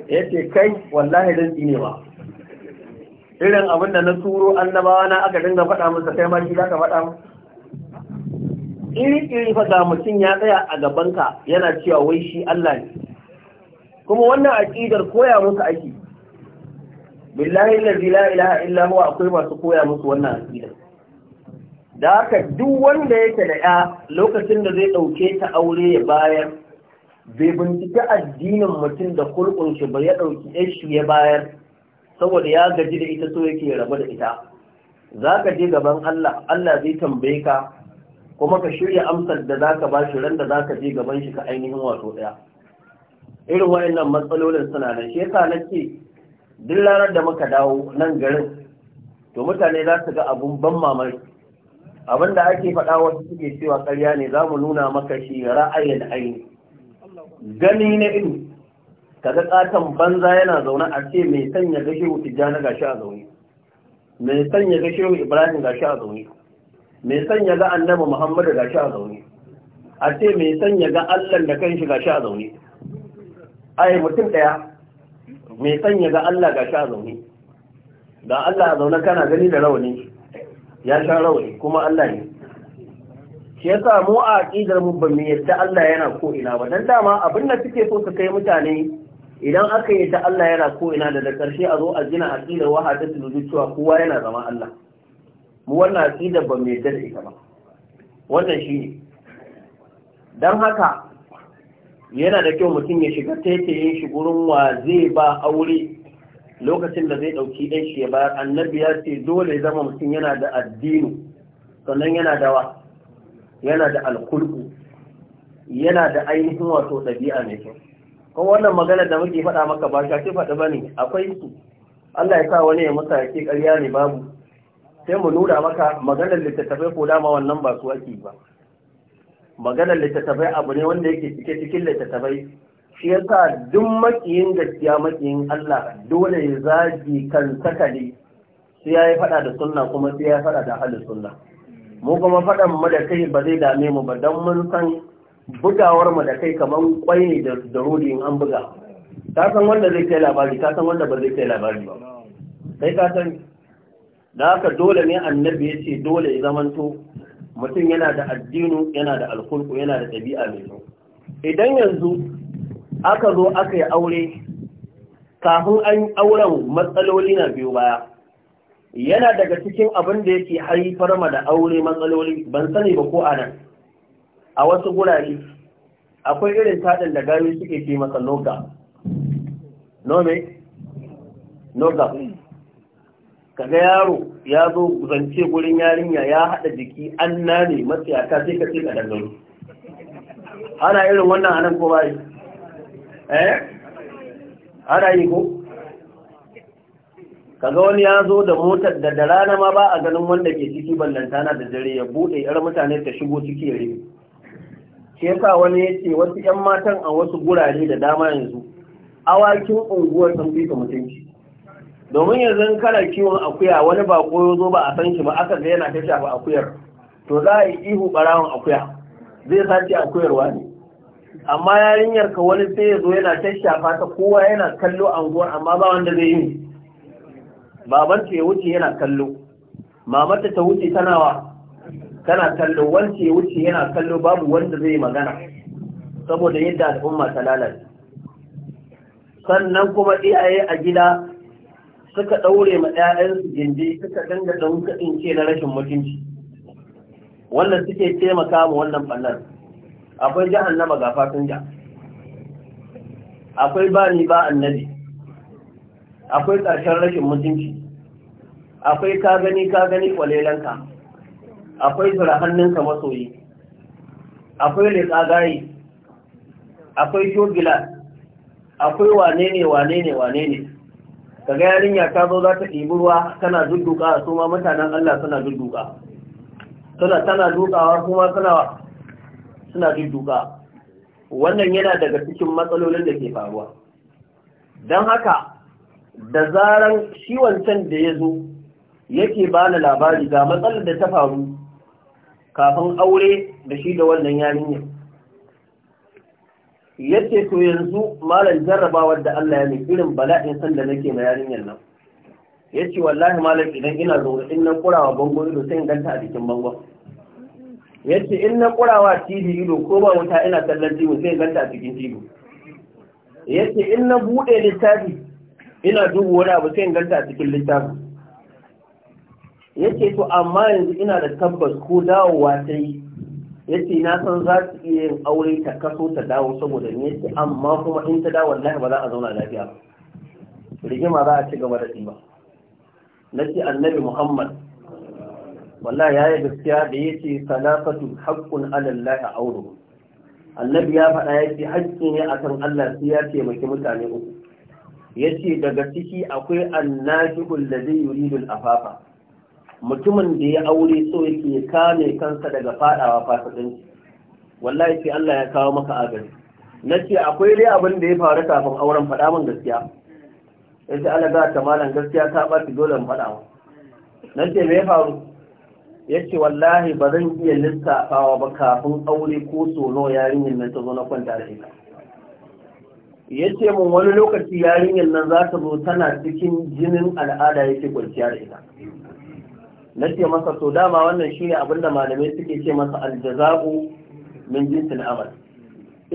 ya ce kai wallahi dan ne ba irin abin da na turo annabawa na aka dinga faɗa musu kai ma shi za ka faɗa mu iri iri fa ga mutum ya tsaya a gabanka yana cewa wai shi Allah ne kuma wannan aƙidar koya musu ake billahi allazi la ilaha illa huwa akwai masu koya musu wannan aƙidar da haka duk wanda yake da ya lokacin da zai ɗauke ta aure ya bayar bai bincika addinin mutum da kulkun shi ba ya ɗauki shi ya bayar saboda ya gaji da ita so yake rabu da ita za ka je gaban Allah Allah zai tambaye ka kuma ka shirya amsar da za ka ba shi ran da za ka je gaban shi ka ainihin wato ɗaya irin waɗannan matsalolin suna da shi yasa nake duk ranar da muka dawo nan garin to mutane za su ga abun ban mamaki abin da ake faɗa wasu suke cewa ƙarya ne za mu nuna maka shi ra'ayin aini gani na ido kaga katon banza yana zaune a ce mai sanya gashe tijjani gashi a zaune mai sanya gashe ibrahim gashi a zaune mai sanya ga annabi muhammadu gashi a zaune a ce mai sanya ga allah da kanshi gashi a zaune ai mutum daya mai sanya ga allah gashi a zaune da allah a zaune kana gani da rawani ya sha rawani kuma allah ne shi yasa mu a ƙidar mu ba mu yadda Allah yana ko ina ba don dama abin da suke so su kai mutane idan aka yi ta Allah yana ko ina da da ƙarshe a zo a gina aqidar wahadatul wujud cewa kowa yana zama Allah mu wannan aqidar ba mai dare ita ba wannan shi ne. Don haka yana da kyau mutum ya shiga taitaye shi gurin wa zai ba aure lokacin da zai ɗauki ɗan shi ya bayar annabi ya ce dole zama mutum yana da addini sannan yana da wa yana da alkulku yana da ainihin wato ɗabi'a mai kyau kuma wannan magana da muke faɗa maka ba shafi faɗi ba ne akwai su Allah ya sa wani ya masa yake ƙarya ne babu sai mu nuna maka maganar littattafai ko dama wannan ba su ake ba maganar littattafai abu ne wanda yake cike cikin littattafai shi yasa duk makiyin gaskiya makiyin Allah dole ya zagi kan sakali sai ya yi faɗa da sunna kuma sai ya yi faɗa da halin sunna mu kuma faɗan mu da kai ba zai dame mu ba don mun san bugawar mu da kai kamar kwai ne da rodi an buga ka san wanda zai kai labari ka san wanda ba zai kai labari ba sai ka san da haka dole ne annabi ya ce dole ya zamanto mutum yana da addinu yana da alkulku yana da ɗabi'a mai kyau idan yanzu aka zo aka yi aure kafin an auren matsaloli na biyu baya yana daga cikin abin da yake haifar ma da aure matsaloli ban sani ba ko anan. nan a wasu gurare akwai irin tadin da gari suke fi masa noga nome noga kaga yaro ya zo zance gurin yarinya ya haɗa jiki an nane matsayaka sai ka ce ka dangaro ana irin wannan anan ko bai eh ana yi ko kaga wani ya zo da motar da da rana ma ba a ganin wanda ke ciki ballantana da dare ya bude yar mutane ta shigo ciki ya rebe shi yasa wani ya ce wasu 'yan matan a wasu gurare da dama yanzu awakin unguwar sun fi mutunci domin yanzu kana kiwon akuya wani ba koyo zo ba a san shi ba aka ga yana ta shafa akuyar to za a yi ihu barawon akuya zai sace akuyarwa ne amma yarinyar ka wani sai ya zo yana ta shafa ta kowa yana kallo anguwar amma ba wanda zai yi babanta ya wuce yana kallo mamata ta wuce tana wa kana kallo wance wuce yana kallo babu wanda zai magana saboda yadda al'umma ta lalace sannan kuma iyaye a gida suka ɗaure ma 'ya'yansu gindi suka dinga ɗan kaɗince na rashin mutunci wannan suke taimaka ma wannan ɓannar akwai jahannama ga fasinja akwai ba ni ba annabi akwai ƙarshen rashin mutunci akwai ka gani ka gani kwalelanka akwai zura hannunka masoyi akwai riƙagayi akwai shogila akwai wane ne wane ne wane ne kaga yarinya ta zo za ta ɗibi ruwa tana dudduka a ma mutanen Allah suna dudduka suna tana dukawa kuma suna suna dudduka wannan yana daga cikin matsalolin da ke faruwa don haka da zaren shi wancan da ya zo yake ni labari ga matsalar da ta faru kafin aure da shi da wannan yarinyar yace to yanzu malam jarrabawar da Allah ya mai irin bala'in san da nake na yarinyar nan yace wallahi malam idan ina zaune in na kurawa bango ido sai in ganta a cikin bango yace in na kurawa TV ido ko ba wuta ina kallon TV sai in ganta a cikin TV yace in na bude littafi ina dubu wani abu sai in ganta a cikin littafin yace to amma yanzu ina da tabbas ko dawowa ta yi yace na san za ta iya yin aure ta kaso ta dawo saboda ni yace amma kuma in ta dawo wallahi ba za a zauna lafiya ba rigima za a ci gaba da Na nace annabi muhammad wallahi yayi gaskiya da yace salafatu haqqun ala a auru annabi ya faɗa yace haƙƙi ne akan Allah sai ya taimaki mutane uku yace daga ciki akwai annajibul ladhi yuridul afafa mutumin da ya aure so yake kame kansa daga fadawa fasikanci wallahi sai Allah ya kawo maka agaji nace akwai dai abin da ya faru kafin auren faɗa min gaskiya yace Allah ga ta malan gaskiya ta ba dole in fada nace me ya faru yace wallahi ba zan iya lissafawa ba kafin aure ko so no yarinyar nan ta zo na kwanta da ita yace mun wani lokaci yarinyar nan za ta zo tana cikin jinin al'ada yake kwanciya da ita na ce masa to dama wannan shine abin da malamai suke ce masa aljaza'u min jinsil amal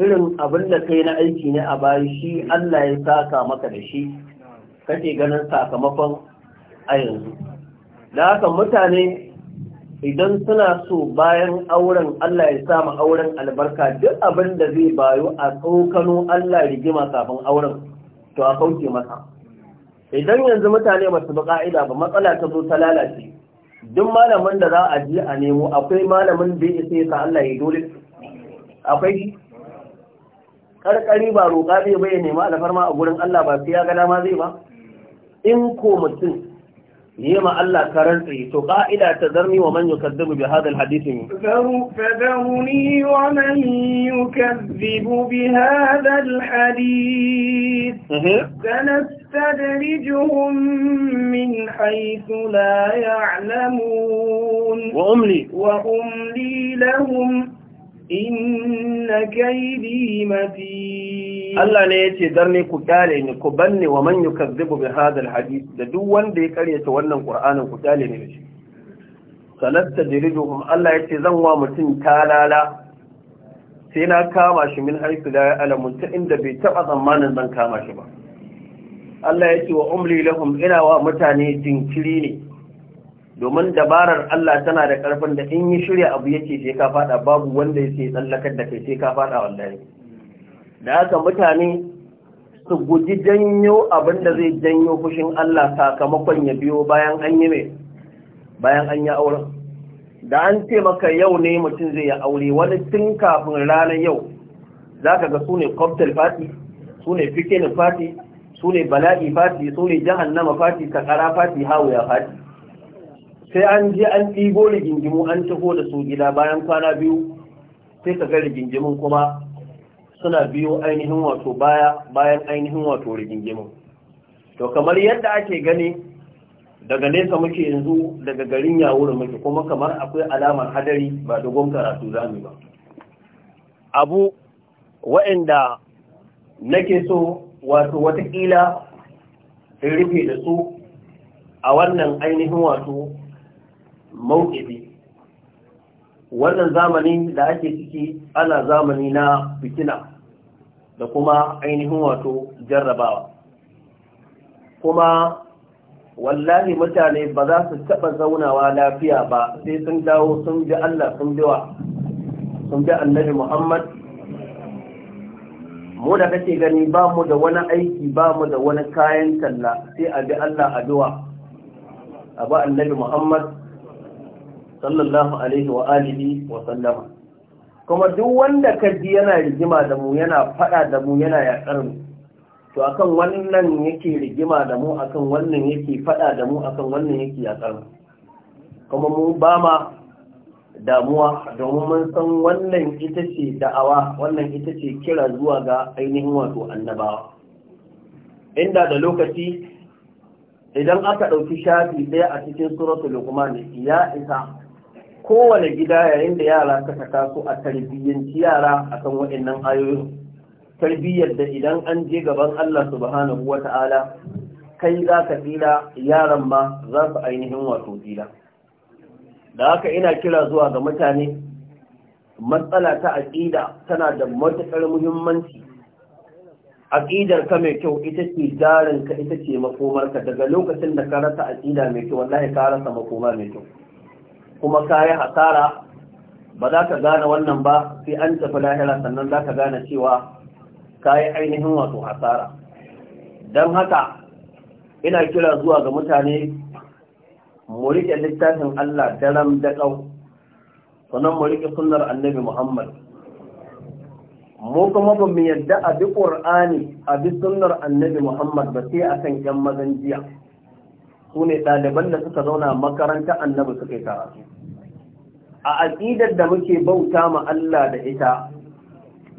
irin abin da kai na aiki ne a bayi shi Allah ya saka maka da shi kake ganin sakamakon a yanzu da haka mutane idan suna so bayan auren Allah ya samu auren albarka duk abin da zai bayo a tsokano Allah rigima kafin auren to a kauce masa idan yanzu mutane ba su bi ka'ida ba matsala ta zo ta lalace duk malamin da za a ji a nemo akwai malamin da ya sai sa Allah ya dole akwai karkari ba roƙa zai bai nema alfarma a gurin Allah ba su ya gada ma zai ba in ko mutum yema Allah karar tsaye to ƙa'ida ta zarni wa man yukazzibu bi hadal hadithi min zaru fadahuni wa man yukazzibu bi hadal hadith mhm. نستدرجهم من حيث لا يعلمون وأملي وأملي لهم إن كيدي متين الله ne yace dan ne ku kyale ni ku banne wa man yukazzibu bi hadha alhadith da duk wanda ya karyata wannan qur'anin ku kyale ni da shi salatta dirijuhum Allah yace zan wa mutum talala sai na kama shi min haisu da ya alamun ta inda bai taɓa tsammanin zan kama shi ba Allah ya ce wa umli lahum ina wa mutane jinkiri ne domin dabarar Allah tana da karfin da in yi shirya abu yake sai ka fada babu wanda yake tsallakar da kai sai ka fada wallahi da haka mutane su guji janyo abin da zai janyo fushin Allah sakamakon ya biyo bayan an yi mai bayan an yi auren da an ce maka yau ne mutum zai yi aure wani tun kafin ranar yau za ka ga su ne cocktail party su ne su ne bala'i fati su ne jahannama fati sakara fati hawaya fati sai an je an ɗibo rigingimu an taho da su gida bayan kwana biyu sai ka ga rigingimin kuma suna biyo ainihin wato baya bayan ainihin wato rigingimu to kamar yadda ake gani daga nesa muke yanzu daga garin yawurin muke kuma kamar akwai alamar hadari ba dogon karatu mu ba abu wa'anda nake so wato watakila sai rufe da su a wannan ainihin wato mawuƙi wannan zamani da ake ciki ana zamani na fitina da kuma ainihin wato jarrabawa kuma wallahi mutane ba za su taɓa zaunawa lafiya ba sai sun dawo sun ji Allah sun biwa sun bi annabi Muhammad mu da kake gani ba mu da wani aiki ba mu da wani kayan talla sai a bi Allah addu'a a ba annabi Muhammad sallallahu alaihi wa alihi wa sallama kuma duk wanda ka ji yana rigima da mu yana fada da mu yana yakar mu to akan wannan yake rigima da mu akan wannan yake fada da mu akan wannan yake yakar mu kuma mu ba ma damuwa domin mun san wannan ita ce da'awa wannan ita ce kira zuwa ga ainihin wato annabawa inda da lokaci idan aka ɗauki shafi ɗaya a cikin suratul luqman ya isa kowane gida yayin da yara suka taso a tarbiyyanci yara kan waɗannan ayoyin tarbiyyar da idan an je gaban Allah subhanahu wata'ala kai za ka tsira yaran ma za su ainihin wato tsira da haka ina kira zuwa ga mutane matsala ta aƙida tana da matuƙar muhimmanci aƙidar ka mai kyau ita ce jarin ka ita ce makomarka daga lokacin da ka rasa aƙida mai kyau wallahi ka rasa makoma mai kyau kuma ka yi hasara ba za ka gane wannan ba sai an tafi lahira sannan za ka gane cewa ka yi ainihin wato hasara don haka ina kira zuwa ga mutane mu rike littafin Allah daram da ƙau sannan mu rike sunnar annabi Muhammad mu kuma ba mu yadda a bi ƙur'ani a bi sunnar annabi Muhammad ba sai akan ƴan mazan jiya su ne ɗaliban da suka zauna makaranta annabi suka yi karatu a aƙidar da muke bauta ma Allah da ita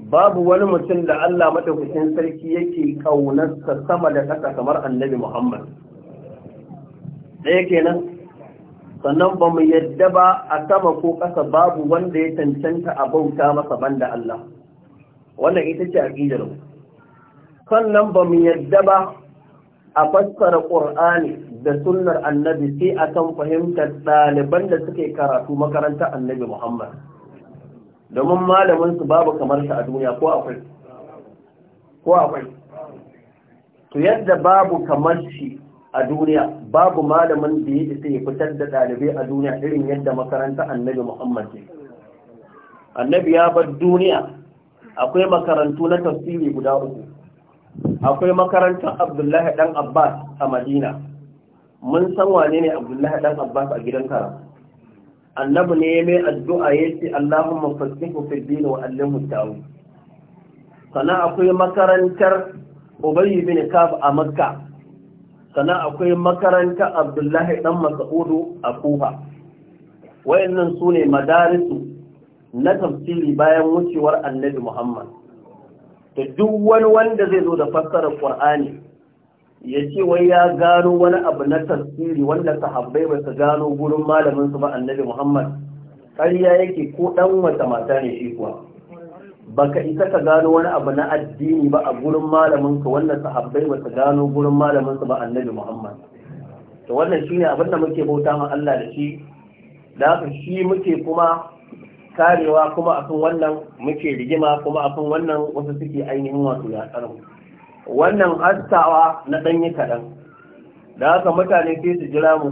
babu wani mutum da Allah madaukakin sarki yake kaunarsa sama da ƙasa kamar annabi Muhammad. Ɗaya kenan, sannan ba mu yadda ba a sama ko ƙasa babu wanda ya cancanta a bauta masa banda Allah wannan ita ce a mu sannan ba mu yadda ba a fassara ƙur'ani da sunnar Annabi sai akan fahimtar ɗaliban da suke karatu makarantar Annabi Muhammad domin malamin su babu kamar shi a duniya ko akwai ko akwai to yadda babu kamar shi a duniya babu malamin da ya isa ya fitar da ɗalibai a duniya irin yadda makaranta annabi Muhammad ke Annabi ya bar duniya akwai makarantu na tafsiri guda uku. Akwai makarantar Abdullahi ɗan Abbas a Madina. Mun san wane ne Abdullahi ɗan Abbas a gidan kara. Annabi ne ya mai addu'a ya ce Allahumma fasihu fi dini wa allimhu ta'awu. Sannan akwai makarantar Ubayy bin Kab a Makka. sannan akwai makaranta abdullahi dan masa'udu a kufa wayannan su madarisu na tafsiri bayan wucewar annabi muhammad da duk wani wanda zai zo da fassarar qur'ani ya ce wai ya gano wani abu na tafsiri wanda sahabbai ba su gano gurin malamin ba annabi muhammad ƙarya yake ko dan wata mata ne shi kuwa baka isa ka gano wani abu na addini ba a gurin malamin wannan sahabbai ba su gano gurin malaminsa ba annabi Muhammad to wannan shine abin da muke bauta ma Allah da shi da haka shi muke kuma karewa kuma akan wannan muke rigima kuma akan wannan wasu suke ainihin wato ya tsaro wannan hastawa na danyi kaɗan da haka mutane sai su jira mu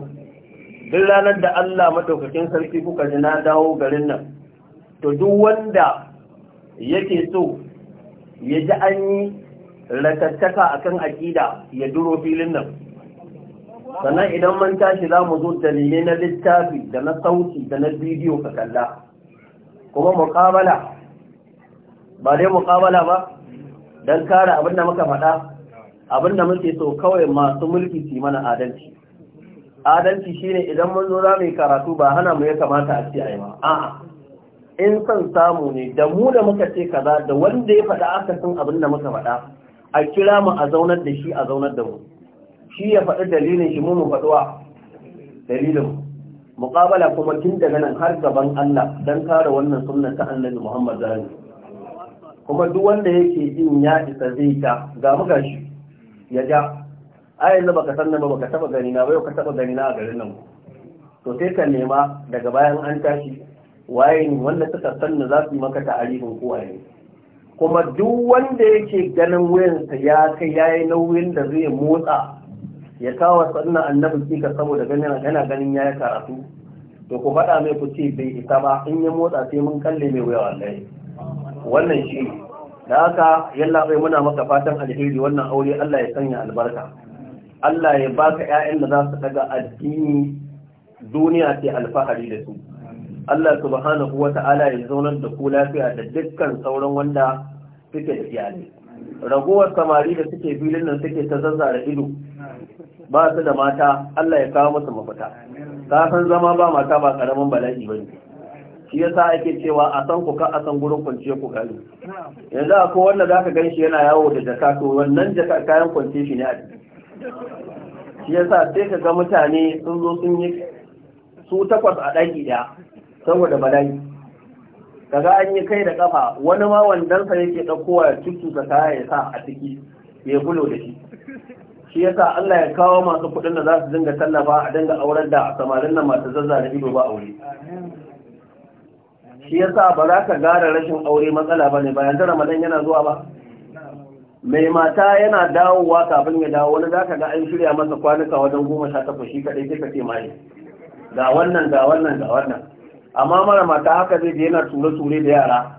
duk ranar da Allah madaukakin sarki kuka ji na dawo garin nan to duk wanda yake so ya ji an yi ratattaka kan aƙida ya duro filin nan sannan idan man tashi za mu zo dalilai na littafi da na sauti da na bidiyo ka kalla kuma muƙamala ba dai muƙamala ba don kare abin da muka faɗa abin da muke so kawai masu mulki su mana adalci adalci shine idan mun zo za mu yi karatu ba hana mu ya kamata a ce a yi ba a'a in son samu ne da mu da muka ce kaza da wanda ya faɗa aka san abin da muka faɗa a kira mu a zaunar da shi a zaunar da mu shi ya faɗi dalilin shi mu mu faɗuwa dalilin muƙabala kuma tun daga nan har gaban Allah don kare wannan sunna ta annabi Muhammad zani kuma duk wanda yake jin ya isa zai ta ga muka shi ya ja a yanzu baka san na ba baka taba gani na ba yau ka taba gani na a garin nan to sai ka nema daga bayan an tashi waye ne wanda suka sanna za su maka ta'arifin ko waye kuma duk wanda yake ganin wayansa ya kai yayi nauyin da zai motsa ya kawo sanna annabi kika saboda ganin yana ganin yayi karatu to ku faɗa mai ku ce bai isa ba in ya motsa sai mun kalle mai wuya wallahi wannan shi da haka yalla bai muna maka fatan alheri wannan aure Allah ya sanya albarka Allah ya baka 'ya'yan da za su daga addini duniya sai alfahari da su Allah subhanahu wa ta'ala ya zaunar da ku lafiya da dukkan sauran wanda suke da iyali ragowar samari da suke filin nan suke ta zazzara ido ba su da mata Allah ya kawo musu mafita kafin zama ba mata ba karamin bala'i bane shi yasa ake cewa a san ku ka a san gurin kwanciya ku kare yanzu a wanda zaka gan shi yana yawo da jaka to wannan jaka kayan kwance shi ne a Shi shi yasa sai ka ga mutane sun zo sun yi su takwas a ɗaki ɗaya saboda bala'i kaga an yi kai da kafa wani ma wandansa yake ɗaukowa ya cututa kaya ya sa a ciki ya gulo da shi shi yasa Allah ya kawo masu kuɗin da za su dinga tallafa a dinga auren da samarin nan masu zazza da ido ba aure shi yasa ba za ka gara rashin aure matsala ba ne ba yanzu ramadan yana zuwa ba mai mata yana dawowa kafin ya dawo wani za ka ga an shirya masa kwanuka wajen goma sha takwas shi kaɗai sai ka ce mai ga wannan ga wannan ga wannan amma mara mata haka zai je yana ture-ture da yara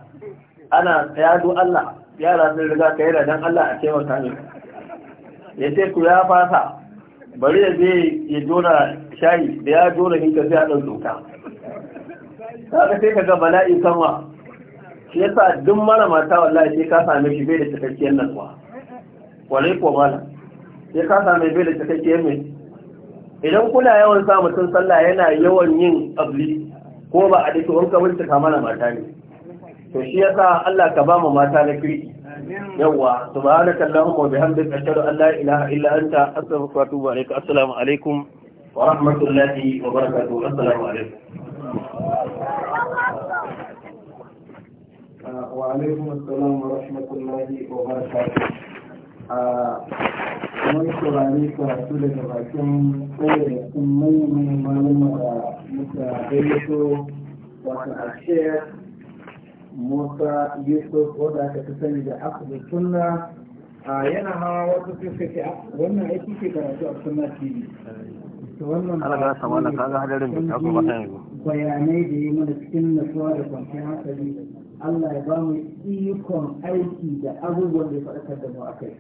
ana yado Allah yara sun riga ka yi da don Allah a taimaka ne ya ce ku ya fasa bari ya zai ya jona shayi da ya jona hinka sai a ɗan ta ka sai ka ga bala'i kanwa shi sa duk mara mata wallahi sai ka same shi bai da cikakkiyar nan kuwa. kwarai ko mala sai ka same bai da cikakkiyar mai idan kuna yawan sa mutum sallah yana yawan yin abli ko ba a dake wanka kama mana mata ne to shi yasa Allah ka ba mu mata na kirki yawa subhanaka allahumma wa bihamdika ashhadu an la ilaha illa anta astaghfiruka wa atubu ilaik assalamu alaikum wa rahmatullahi wa barakatuh assalamu alaikum wa alaikum assalam wa rahmatullahi wa barakatuh a mun saurari karatu daga bakin ɗaya da sun manyan malama da muka gayyato wata ashiyar musa yusuf wadda aka fi sani da akwai A yana hawa wasu suka ce wannan aiki ke karatu a sunna tv wannan bayanai da yi mana cikin nasuwa da kwanciyar hankali Allah ya ba mu ikon aiki da abubuwan da ya faɗakar da mu a kai.